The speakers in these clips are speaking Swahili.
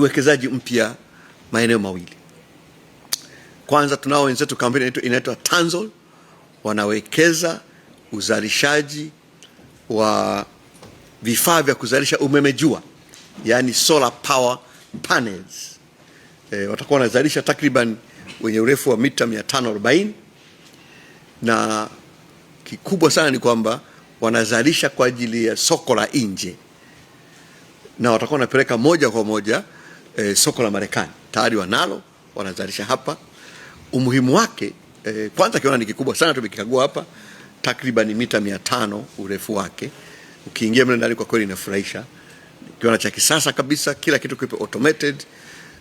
Uwekezaji mpya maeneo mawili. Kwanza, tunao wenzetu kampuni inaitwa Tanzol wanawekeza uzalishaji wa vifaa vya kuzalisha umeme jua, yani solar power panels. E, watakuwa wanazalisha takriban wenye urefu wa mita 540 na kikubwa sana ni kwamba wanazalisha kwa ajili ya soko la nje na watakuwa wanapeleka moja kwa moja e, soko la Marekani tayari wanalo, wanazalisha hapa. Umuhimu wake e, kwanza kiona ni kikubwa sana, tumekikagua hapa, takriban mita mia tano urefu wake. Ukiingia mle ndani, kwa kweli inafurahisha. kiona cha kisasa kabisa, kila kitu kipo automated.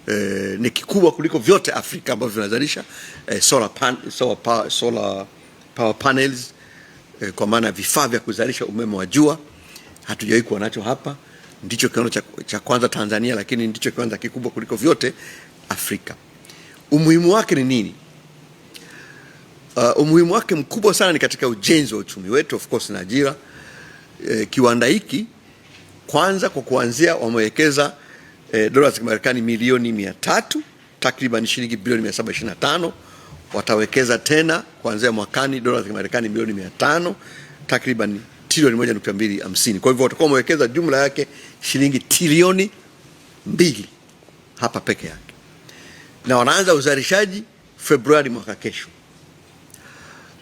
E, ni kikubwa kuliko vyote Afrika ambavyo vinazalisha e, solar, pan, solar, power, solar power panels e, kwa maana vifaa vya kuzalisha umeme wa jua hatujawahi kuwa nacho hapa ndicho kiwanda cha, cha kwanza Tanzania, lakini ndicho kiwanda kikubwa kuliko vyote Afrika. Umuhimu wake ni nini? Uh, umuhimu wake mkubwa sana ni katika ujenzi wa uchumi wetu, of course na ajira. Eh, kiwanda hiki kwanza kwa kuanzia wamewekeza eh, dola za Kimarekani milioni mia tatu takriban shilingi bilioni 725. Watawekeza tena kuanzia mwakani dola za Kimarekani milioni mia tano takriban trilioni hamsini. Kwa hivyo watakuwa wamewekeza jumla yake shilingi trilioni mbili hapa peke yake, na wanaanza uzalishaji Februari mwaka kesho.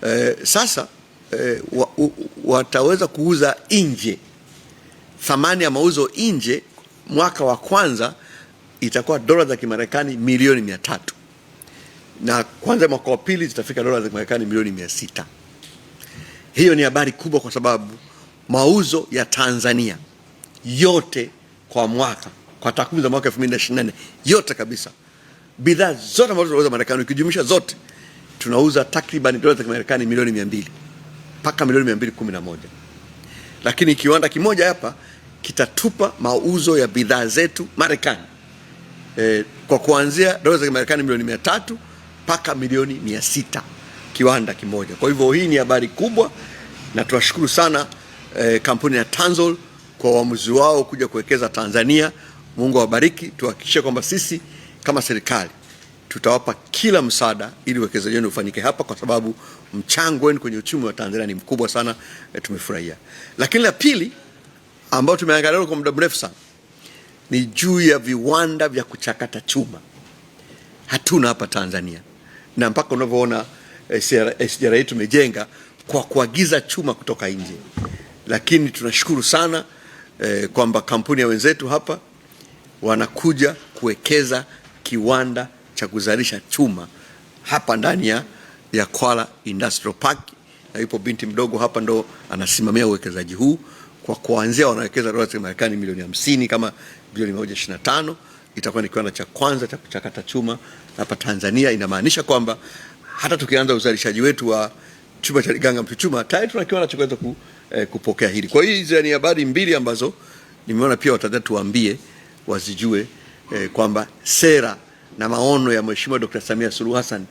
E, sasa e, wa, u, wataweza kuuza nje, thamani ya mauzo nje mwaka wa kwanza itakuwa dola za Kimarekani milioni mia tatu na kwanza mwaka wa pili zitafika dola za Kimarekani milioni mia sita. Hiyo ni habari kubwa, kwa sababu mauzo ya Tanzania yote kwa mwaka, kwa takwimu za mwaka 2024 yote kabisa, bidhaa zote ambazo tunauza Marekani ukijumlisha zote tunauza takriban dola za Marekani milioni 200 mpaka milioni 211, lakini kiwanda kimoja hapa kitatupa mauzo ya bidhaa zetu Marekani e, kwa kuanzia dola za Marekani milioni 300 mpaka milioni 600 kiwanda kimoja. Kwa hivyo hii ni habari kubwa na tunashukuru sana eh, kampuni ya Tanzol kwa uamuzi wao kuja kuwekeza Tanzania. Mungu awabariki, tuhakikishe kwamba sisi kama serikali tutawapa kila msaada ili uwekezaji wenu ufanyike hapa, kwa sababu mchango wenu kwenye uchumi wa Tanzania ni mkubwa sana. E, tumefurahia. Lakini la pili ambayo tumeangalia kwa muda mrefu sana ni juu ya viwanda vya kuchakata chuma, hatuna hapa Tanzania, na mpaka unavyoona SGRA tumejenga kwa kuagiza chuma kutoka nje, lakini tunashukuru sana eh, kwamba kampuni ya wenzetu hapa wanakuja kuwekeza kiwanda cha kuzalisha chuma hapa ndani ya ya Kwala Industrial Park, na yupo binti mdogo hapa ndo anasimamia uwekezaji huu. Kwa kuanzia wanawekeza dola za Marekani milioni hamsini kama bilioni 125, itakuwa ni kiwanda cha kwanza cha kuchakata chuma hapa Tanzania. Inamaanisha kwamba hata tukianza uzalishaji wetu wa chuma cha Liganga Mchuchuma tayari tuna kiwanda cha kuweza ku, eh, kupokea hili. Kwa hiyo hizi ni habari mbili ambazo nimeona pia watataka tuambie wazijue, eh, kwamba sera na maono ya Mheshimiwa Dr. Samia Suluhu Hassan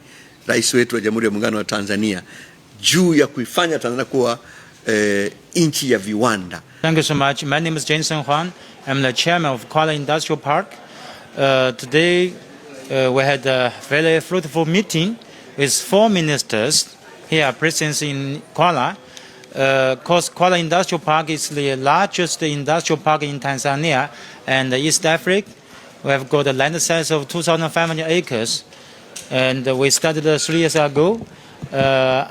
rais wetu wa Jamhuri ya Muungano wa Tanzania juu ya kuifanya Tanzania kuwa eh, nchi ya viwanda. Thank you so much. My name is Jensen Huang. I'm the chairman of Kuala Industrial Park. Uh, today uh, we had a very fruitful meeting. with four ministers here present in Kuala. Because uh, Kuala Industrial Park is the largest industrial park in Tanzania and East Africa. We have got a land size of 2,500 acres, and we started uh, three years ago. Uh,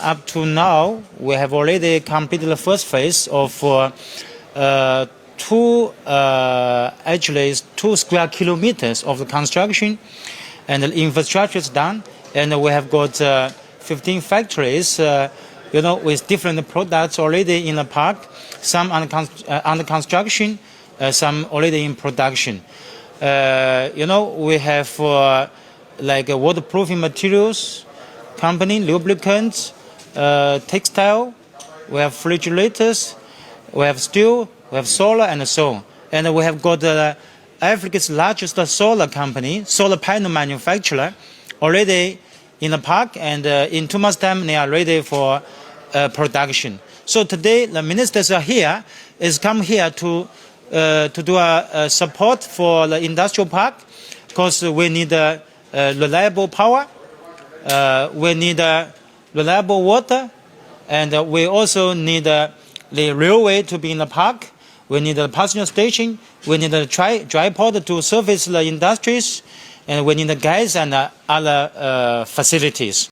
up to now, we have already completed the first phase of uh, uh two, uh, actually, two square kilometers of the construction, and the infrastructure is done and we have got uh, 15 factories, uh, you know, with different products already in the park, some under, const uh, under construction, some already in production. you know, we have like waterproofing materials, company, lubricants, textile, we have refrigerators, we have steel, we have solar, and so on. And we have got Africa's largest solar company, solar panel manufacturer, already in the park, and uh, in two months' time, they are ready for uh, production. So today, the ministers are here, is come here to, uh, to do a, a, support for the industrial park, because we need reliable power, we need reliable water, and we also need the railway to be in the park. We need a passenger station. We need a dry, dry port to service the industries and when in the guys and other uh, facilities.